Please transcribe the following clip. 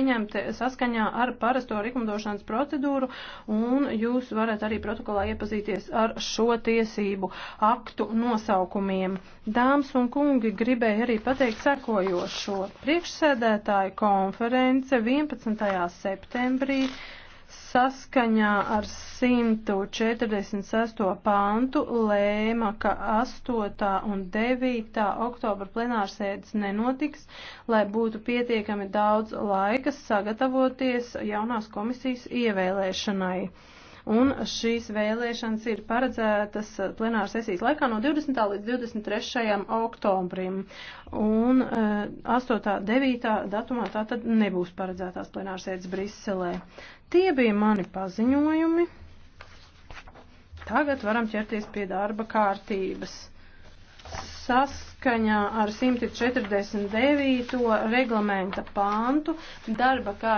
pieņemti saskaņā ar parasto likumdošanas procedūru, un jūs varat arī protokolā iepazīties ar šo tiesību aktu nosaukumiem. Dāmas un kungi gribēja arī pateikt sekojošo. Priekšsēdētāju konference 11. septembrī saskaņā ar 146. pāntu lēma, ka 8. un 9. oktobra plenārsēdes nenotiks, lai būtu pietiekami daudz laika sagatavoties jaunās komisijas ievēlēšanai. Un šīs vēlēšanas ir paredzētas plenāras sesijas laikā no 20. līdz 23. oktobrim. Un 8. Eh, 9. datumā tā tad nebūs paredzētās plenāras sēdes Briselē. Tie bija mani paziņojumi tagad varam ķerties pie darba kārtības. Saskaņā ar 149. reglamenta pāntu darba kārtības.